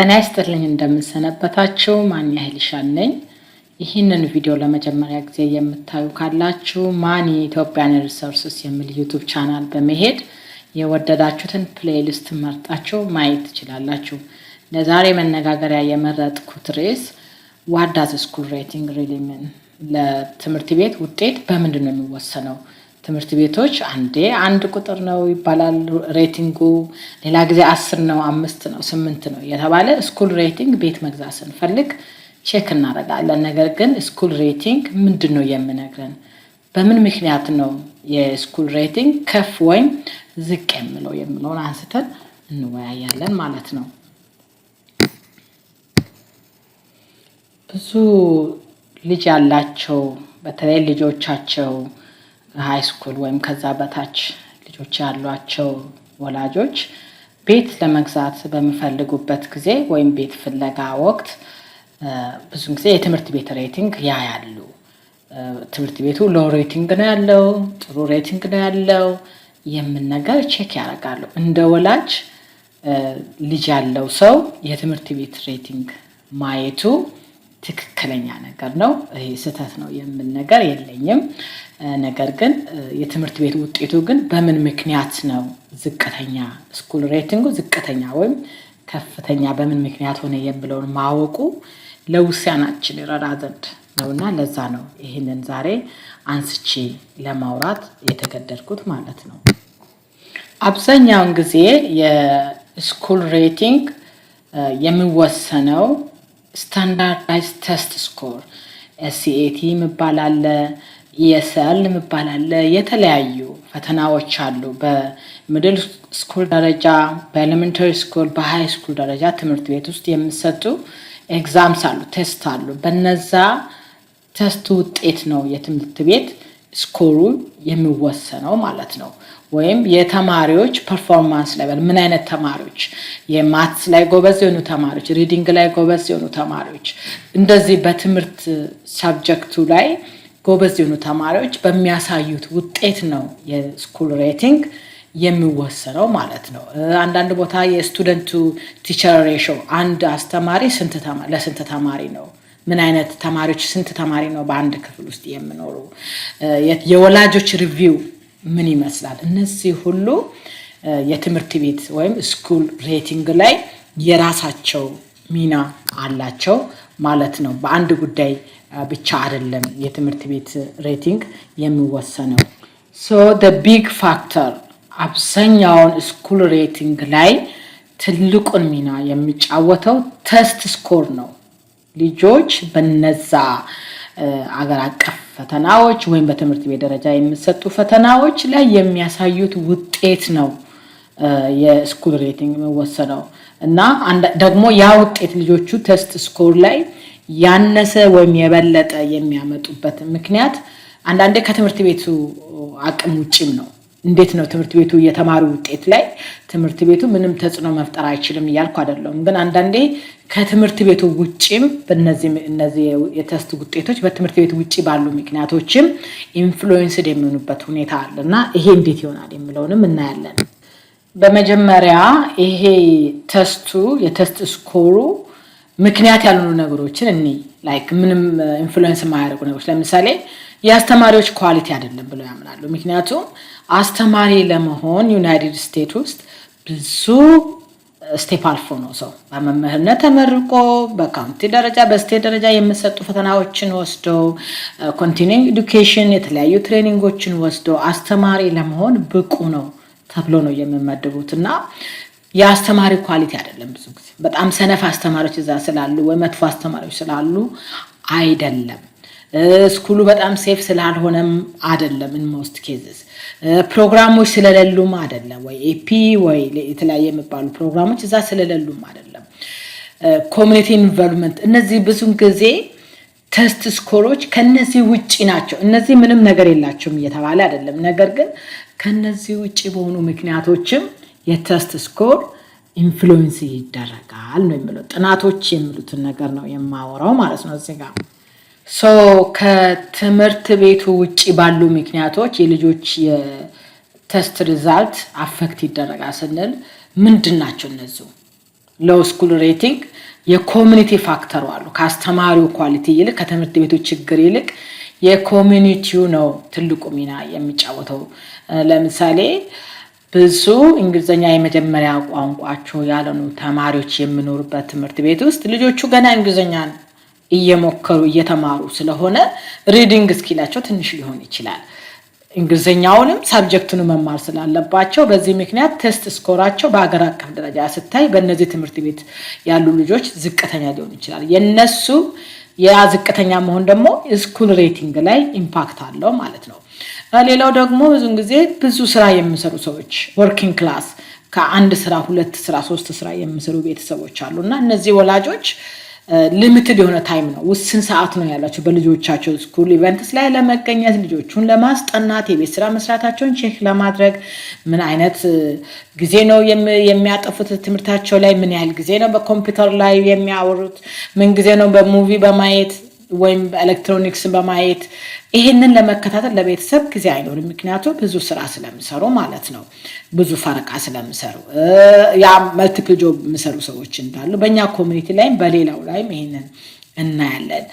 ጤና ይስጥልኝ እንደምንሰነበታችሁ ማን ያህል ይሻል ነኝ። ይህንን ቪዲዮ ለመጀመሪያ ጊዜ የምታዩ ካላችሁ ማን የኢትዮጵያን ሪሶርስስ የሚል ዩቱብ ቻናል በመሄድ የወደዳችሁትን ፕሌይሊስት መርጣችሁ ማየት ትችላላችሁ። ለዛሬ መነጋገሪያ የመረጥኩት ርዕስ ዋዳዝ ስኩል ሬቲንግ ሪሊምን ለትምህርት ቤት ውጤት በምንድን ነው የሚወሰነው ትምህርት ቤቶች አንዴ አንድ ቁጥር ነው ይባላል ሬቲንጉ፣ ሌላ ጊዜ አስር ነው፣ አምስት ነው፣ ስምንት ነው እየተባለ ስኩል ሬቲንግ ቤት መግዛት ስንፈልግ ቼክ እናደርጋለን። ነገር ግን ስኩል ሬቲንግ ምንድን ነው የምነግረን? በምን ምክንያት ነው የስኩል ሬቲንግ ከፍ ወይም ዝቅ የምለው የምለውን አንስተን እንወያያለን ማለት ነው። ብዙ ልጅ ያላቸው በተለይ ልጆቻቸው ሀይ ስኩል ወይም ከዛ በታች ልጆች ያሏቸው ወላጆች ቤት ለመግዛት በሚፈልጉበት ጊዜ ወይም ቤት ፍለጋ ወቅት ብዙን ጊዜ የትምህርት ቤት ሬቲንግ ያሉ ትምህርት ቤቱ ሎ ሬቲንግ ነው ያለው፣ ጥሩ ሬቲንግ ነው ያለው የምን ነገር ቼክ ያደርጋሉ። እንደ ወላጅ ልጅ ያለው ሰው የትምህርት ቤት ሬቲንግ ማየቱ ትክክለኛ ነገር ነው። ይሄ ስህተት ነው የምል ነገር የለኝም። ነገር ግን የትምህርት ቤት ውጤቱ ግን በምን ምክንያት ነው ዝቅተኛ ስኩል ሬቲንጉ ዝቅተኛ ወይም ከፍተኛ በምን ምክንያት ሆነ የምለውን ማወቁ ለውሳናችን ይረዳ ዘንድ ነው እና ለዛ ነው ይህንን ዛሬ አንስቼ ለማውራት የተገደድኩት ማለት ነው። አብዛኛውን ጊዜ የስኩል ሬቲንግ የሚወሰነው ስታንዳርዳይዝ ቴስት ስኮር ሲኤቲ የሚባል አለ፣ ኢኤስኤል e የሚባል አለ። የተለያዩ ፈተናዎች አሉ። በሚድል ስኩል ደረጃ፣ በኤሌመንተሪ ስኩል፣ በሃይ ስኩል ደረጃ ትምህርት ቤት ውስጥ የሚሰጡ ኤግዛምስ አሉ፣ ቴስት አሉ። በነዛ ቴስት ውጤት ነው የትምህርት ቤት ስኮሩ የሚወሰነው ማለት ነው። ወይም የተማሪዎች ፐርፎርማንስ ሌቨል ምን አይነት ተማሪዎች፣ የማትስ ላይ ጎበዝ የሆኑ ተማሪዎች፣ ሪዲንግ ላይ ጎበዝ የሆኑ ተማሪዎች፣ እንደዚህ በትምህርት ሰብጀክቱ ላይ ጎበዝ የሆኑ ተማሪዎች በሚያሳዩት ውጤት ነው የስኩል ሬቲንግ የሚወሰነው ማለት ነው። አንዳንድ ቦታ የስቱደንቱ ቲቸር ሬሾ አንድ አስተማሪ ለስንት ተማሪ ነው ምን አይነት ተማሪዎች ስንት ተማሪ ነው በአንድ ክፍል ውስጥ የሚኖሩ የወላጆች ሪቪው ምን ይመስላል? እነዚህ ሁሉ የትምህርት ቤት ወይም ስኩል ሬቲንግ ላይ የራሳቸው ሚና አላቸው ማለት ነው። በአንድ ጉዳይ ብቻ አይደለም የትምህርት ቤት ሬቲንግ የሚወሰነው። ሶ ደ ቢግ ፋክተር አብዛኛውን ስኩል ሬቲንግ ላይ ትልቁን ሚና የሚጫወተው ተስት ስኮር ነው። ልጆች በነዛ አገር አቀፍ ፈተናዎች ወይም በትምህርት ቤት ደረጃ የሚሰጡ ፈተናዎች ላይ የሚያሳዩት ውጤት ነው የስኩል ሬቲንግ የሚወሰነው እና ደግሞ ያ ውጤት ልጆቹ ቴስት ስኮር ላይ ያነሰ ወይም የበለጠ የሚያመጡበት ምክንያት አንዳንዴ ከትምህርት ቤቱ አቅም ውጭም ነው። እንዴት ነው ትምህርት ቤቱ የተማሪ ውጤት ላይ ትምህርት ቤቱ ምንም ተጽዕኖ መፍጠር አይችልም እያልኩ አይደለሁም። ግን አንዳንዴ ከትምህርት ቤቱ ውጭም እነዚህ የተስት ውጤቶች በትምህርት ቤቱ ውጭ ባሉ ምክንያቶችም ኢንፍሉዌንስድ የሚሆኑበት ሁኔታ አለ እና ይሄ እንዴት ይሆናል የሚለውንም እናያለን። በመጀመሪያ ይሄ ተስቱ የተስት ስኮሩ ምክንያት ያልሆኑ ነገሮችን እኔ ላይክ ምንም ኢንፍሉዌንስ የማያደርጉ ነገሮች ለምሳሌ የአስተማሪዎች ኳሊቲ አይደለም ብለው ያምናሉ። ምክንያቱም አስተማሪ ለመሆን ዩናይትድ ስቴትስ ውስጥ ብዙ ስቴፕ አልፎ ነው ሰው በመምህርነት ተመርቆ በካውንቲ ደረጃ በስቴት ደረጃ የምሰጡ ፈተናዎችን ወስዶ ኮንቲኒንግ ኤዱኬሽን የተለያዩ ትሬኒንጎችን ወስዶ አስተማሪ ለመሆን ብቁ ነው ተብሎ ነው የሚመድቡት እና የአስተማሪ ኳሊቲ አይደለም። ብዙ ጊዜ በጣም ሰነፍ አስተማሪዎች እዛ ስላሉ ወይ መጥፎ አስተማሪዎች ስላሉ አይደለም። ስኩሉ በጣም ሴፍ ስላልሆነም አደለም። ኢንሞስት ኬዝስ ፕሮግራሞች ስለሌሉም አደለም፣ ወይ ኤፒ ወይ የተለያየ የሚባሉ ፕሮግራሞች እዛ ስለሌሉም አደለም። ኮሚኒቲ ኢንቨሎፕመንት እነዚህ ብዙን ጊዜ ተስት ስኮሮች ከነዚህ ውጪ ናቸው። እነዚህ ምንም ነገር የላቸውም እየተባለ አይደለም። ነገር ግን ከነዚህ ውጭ በሆኑ ምክንያቶችም የተስት ስኮር ኢንፍሉዌንስ ይደረጋል ነው የሚለው ጥናቶች የሚሉትን ነገር ነው የማወራው ማለት ነው እዚህ ጋር ሶ ከትምህርት ቤቱ ውጭ ባሉ ምክንያቶች የልጆች የተስት ሪዛልት አፈክት ይደረጋል ስንል ምንድን ናቸው እነዚሁ? ሎው ስኩል ሬቲንግ የኮሚኒቲ ፋክተሩ አሉ። ከአስተማሪው ኳሊቲ ይልቅ ከትምህርት ቤቱ ችግር ይልቅ የኮሚኒቲው ነው ትልቁ ሚና የሚጫወተው። ለምሳሌ ብዙ እንግሊዝኛ የመጀመሪያ ቋንቋቸው ያልሆኑ ተማሪዎች የሚኖሩበት ትምህርት ቤት ውስጥ ልጆቹ ገና እንግሊዝኛ እየሞከሩ እየተማሩ ስለሆነ ሪዲንግ እስኪላቸው ትንሽ ሊሆን ይችላል። እንግሊዝኛውንም ሳብጀክቱን መማር ስላለባቸው በዚህ ምክንያት ቴስት ስኮራቸው በሀገር አቀፍ ደረጃ ስታይ በእነዚህ ትምህርት ቤት ያሉ ልጆች ዝቅተኛ ሊሆን ይችላል። የነሱ ያ ዝቅተኛ መሆን ደግሞ ስኩል ሬቲንግ ላይ ኢምፓክት አለው ማለት ነው። ሌላው ደግሞ ብዙን ጊዜ ብዙ ስራ የሚሰሩ ሰዎች ወርኪንግ ክላስ ከአንድ ስራ ሁለት ስራ ሶስት ስራ የሚሰሩ ቤተሰቦች አሉ እና እነዚህ ወላጆች ሊሚትድ የሆነ ታይም ነው፣ ውስን ሰዓት ነው ያላቸው በልጆቻቸው ስኩል ኢቨንትስ ላይ ለመገኘት ልጆቹን ለማስጠናት የቤት ስራ መስራታቸውን ቼክ ለማድረግ ምን አይነት uh, ጊዜ ነው የሚያጠፉት ትምህርታቸው ላይ ምን ያህል ጊዜ ነው በኮምፒውተር ላይ የሚያወሩት ምን ጊዜ ነው በሙቪ በማየት ወይም በኤሌክትሮኒክስን በማየት ይሄንን ለመከታተል ለቤተሰብ ጊዜ አይኖርም። ምክንያቱም ብዙ ስራ ስለምሰሩ ማለት ነው። ብዙ ፈረቃ ስለምሰሩ ያ መልቲፕል ጆብ የሚሰሩ ሰዎች እንዳሉ በእኛ ኮሚኒቲ ላይም በሌላው ላይም ይሄንን እናያለን።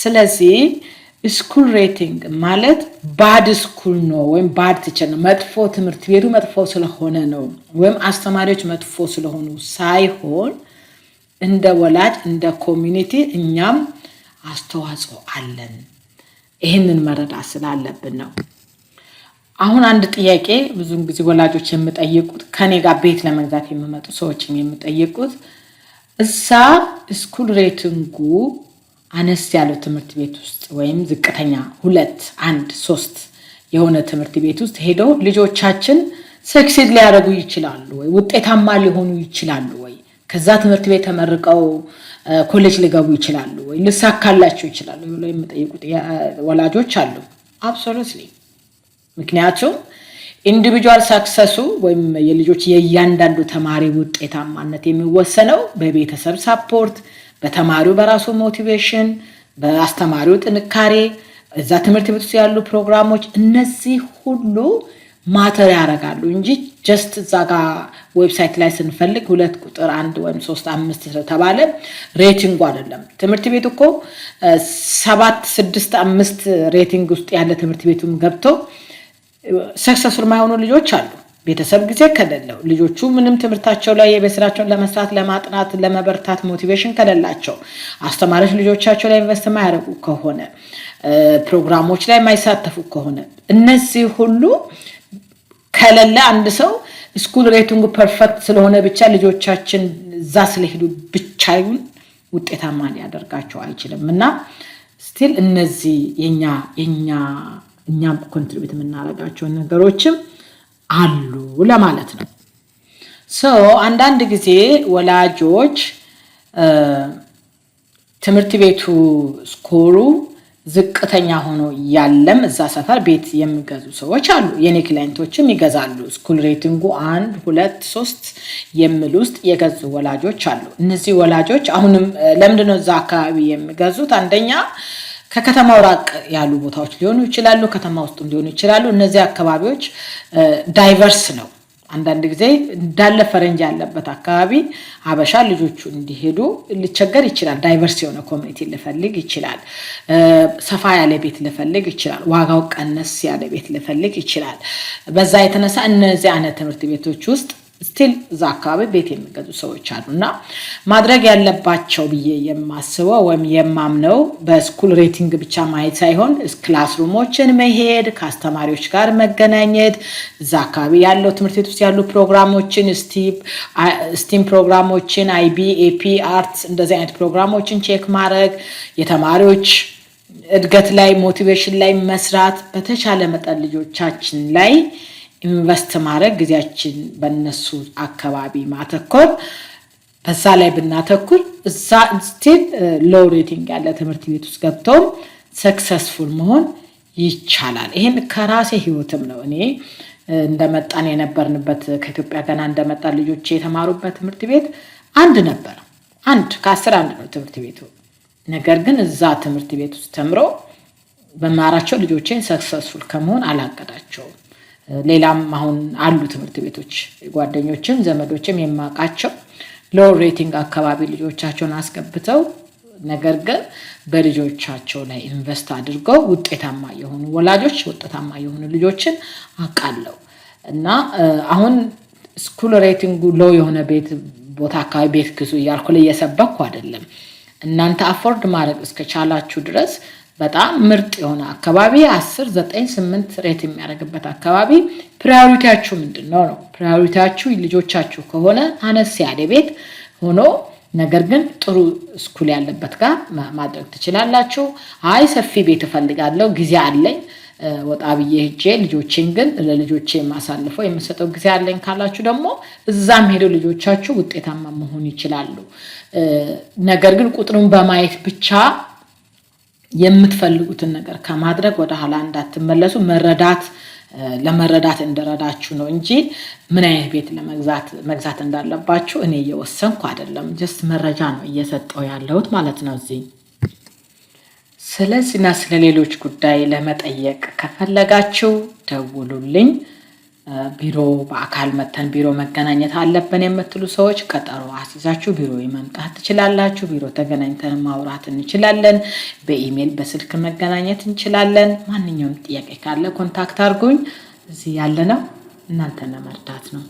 ስለዚህ ስኩል ሬቲንግ ማለት ባድ ስኩል ነው ወይም ባድ ቲቸር ነው፣ መጥፎ ትምህርት ቤቱ መጥፎ ስለሆነ ነው ወይም አስተማሪዎች መጥፎ ስለሆኑ ሳይሆን እንደ ወላጅ እንደ ኮሚኒቲ እኛም አስተዋጽኦ አለን። ይህንን መረዳት ስላለብን ነው። አሁን አንድ ጥያቄ ብዙን ጊዜ ወላጆች የምጠይቁት ከኔ ጋር ቤት ለመግዛት የሚመጡ ሰዎችም የምጠይቁት እዛ ስኩል ሬቲንጉ አነስ ያለው ትምህርት ቤት ውስጥ ወይም ዝቅተኛ ሁለት፣ አንድ፣ ሶስት የሆነ ትምህርት ቤት ውስጥ ሄደው ልጆቻችን ሰክሴድ ሊያደርጉ ይችላሉ ወይ ውጤታማ ሊሆኑ ይችላሉ ከዛ ትምህርት ቤት ተመርቀው ኮሌጅ ሊገቡ ይችላሉ ወይ ልሳካላቸው ይችላሉ ብለው የሚጠይቁት ወላጆች አሉ። አብሶሉትሊ። ምክንያቱም ኢንዲቪጁዋል ሳክሰሱ ወይም የልጆች የእያንዳንዱ ተማሪ ውጤታማነት የሚወሰነው በቤተሰብ ሳፖርት፣ በተማሪው በራሱ ሞቲቬሽን፣ በአስተማሪው ጥንካሬ፣ እዛ ትምህርት ቤት ውስጥ ያሉ ፕሮግራሞች እነዚህ ሁሉ ማተር ያደርጋሉ እንጂ ጀስት እዛ ጋ ዌብሳይት ላይ ስንፈልግ ሁለት ቁጥር አንድ ወይም ሶስት አምስት ስለተባለ ሬቲንጉ አይደለም። ትምህርት ቤት እኮ ሰባት ስድስት አምስት ሬቲንግ ውስጥ ያለ ትምህርት ቤቱም ገብቶ ሰክሰስፉል የማይሆኑ ልጆች አሉ። ቤተሰብ ጊዜ ከሌለው ልጆቹ ምንም ትምህርታቸው ላይ የቤት ስራቸውን ለመስራት ለማጥናት፣ ለመበርታት ሞቲቬሽን ከሌላቸው አስተማሪዎች ልጆቻቸው ላይ ኢንቨስት የማያደርጉ ከሆነ ፕሮግራሞች ላይ የማይሳተፉ ከሆነ እነዚህ ሁሉ ከሌለ አንድ ሰው ስኩል ሬቲንጉ ፐርፌክት ስለሆነ ብቻ ልጆቻችን እዛ ስለሄዱ ብቻውን ውጤታማ ሊያደርጋቸው አይችልም እና ስቲል እነዚህ የኛ የኛ እኛም ኮንትሪቢት የምናደርጋቸው ነገሮችም አሉ ለማለት ነው። ሶ አንዳንድ ጊዜ ወላጆች ትምህርት ቤቱ ስኮሩ ዝቅተኛ ሆኖ ያለም እዛ ሰፈር ቤት የሚገዙ ሰዎች አሉ። የኔ ክላይንቶችም ይገዛሉ። ስኩል ሬቲንጉ አንድ ሁለት ሶስት የሚል ውስጥ የገዙ ወላጆች አሉ። እነዚህ ወላጆች አሁንም ለምንድነው እዛ አካባቢ የሚገዙት? አንደኛ ከከተማው ራቅ ያሉ ቦታዎች ሊሆኑ ይችላሉ፣ ከተማ ውስጥም ሊሆኑ ይችላሉ። እነዚህ አካባቢዎች ዳይቨርስ ነው አንዳንድ ጊዜ እንዳለ ፈረንጅ ያለበት አካባቢ ሀበሻ ልጆቹ እንዲሄዱ ሊቸገር ይችላል። ዳይቨርስ የሆነ ኮሚኒቲ ልፈልግ ይችላል። ሰፋ ያለ ቤት ልፈልግ ይችላል። ዋጋው ቀነስ ያለ ቤት ልፈልግ ይችላል። በዛ የተነሳ እነዚህ አይነት ትምህርት ቤቶች ውስጥ ስቲል እዛ አካባቢ ቤት የሚገዙ ሰዎች አሉ እና ማድረግ ያለባቸው ብዬ የማስበው ወይም የማምነው በስኩል ሬቲንግ ብቻ ማየት ሳይሆን ክላስሩሞችን መሄድ፣ ከአስተማሪዎች ጋር መገናኘት፣ እዛ አካባቢ ያለው ትምህርት ቤት ውስጥ ያሉ ፕሮግራሞችን ስቲም ፕሮግራሞችን፣ አይቢ፣ ኤፒ፣ አርትስ እንደዚህ አይነት ፕሮግራሞችን ቼክ ማድረግ የተማሪዎች እድገት ላይ ሞቲቬሽን ላይ መስራት በተቻለ መጠን ልጆቻችን ላይ ኢንቨስት ማድረግ ጊዜያችን በነሱ አካባቢ ማተኮር በዛ ላይ ብናተኩር እዛ ስቴል ሎው ሬቲንግ ያለ ትምህርት ቤት ውስጥ ገብተውም ሰክሰስፉል መሆን ይቻላል። ይህን ከራሴ ህይወትም ነው እኔ እንደመጣን የነበርንበት ከኢትዮጵያ ገና እንደመጣን ልጆች የተማሩበት ትምህርት ቤት አንድ ነበር። አንድ ከአስር አንድ ነው ትምህርት ቤቱ። ነገር ግን እዛ ትምህርት ቤት ውስጥ ተምሮ በማራቸው ልጆቼን ሰክሰስፉል ከመሆን አላቀዳቸውም። ሌላም አሁን አሉ ትምህርት ቤቶች ጓደኞችም ዘመዶችም የማውቃቸው ሎው ሬቲንግ አካባቢ ልጆቻቸውን አስገብተው ነገር ግን በልጆቻቸው ላይ ኢንቨስት አድርገው ውጤታማ የሆኑ ወላጆች ውጤታማ የሆኑ ልጆችን አቃለው እና አሁን ስኩል ሬቲንጉ ሎ የሆነ ቤት ቦታ አካባቢ ቤት ግዙ እያልኩ ላይ እየሰበኩ አይደለም። እናንተ አፎርድ ማድረግ እስከቻላችሁ ድረስ በጣም ምርጥ የሆነ አካባቢ አስር ዘጠኝ ስምንት ሬት የሚያደርግበት አካባቢ ፕራዮሪቲያችሁ ምንድን ነው ነው። ፕራዮሪቲያችሁ ልጆቻችሁ ከሆነ አነስ ያለ ቤት ሆኖ ነገር ግን ጥሩ ስኩል ያለበት ጋር ማድረግ ትችላላችሁ። አይ ሰፊ ቤት እፈልጋለሁ፣ ጊዜ አለኝ፣ ወጣ ብዬ ሄጄ ልጆቼን ግን ለልጆቼ የማሳልፈው የምሰጠው ጊዜ አለኝ ካላችሁ ደግሞ እዛም ሄደው ልጆቻችሁ ውጤታማ መሆን ይችላሉ። ነገር ግን ቁጥሩን በማየት ብቻ የምትፈልጉትን ነገር ከማድረግ ወደ ኋላ እንዳትመለሱ መረዳት ለመረዳት እንደረዳችሁ ነው እንጂ ምን አይነት ቤት ለመግዛት መግዛት እንዳለባችሁ እኔ እየወሰንኩ አይደለም። ጀስት መረጃ ነው እየሰጠው ያለሁት ማለት ነው። እዚህ ስለዚህና ስለሌሎች ጉዳይ ለመጠየቅ ከፈለጋችሁ ደውሉልኝ። ቢሮ በአካል መተን ቢሮ መገናኘት አለብን የምትሉ ሰዎች ቀጠሮ አስይዛችሁ ቢሮ መምጣት ትችላላችሁ። ቢሮ ተገናኝተን ማውራት እንችላለን። በኢሜይል በስልክ መገናኘት እንችላለን። ማንኛውም ጥያቄ ካለ ኮንታክት አድርጉኝ። እዚህ ያለነው እናንተን ለመርዳት ነው።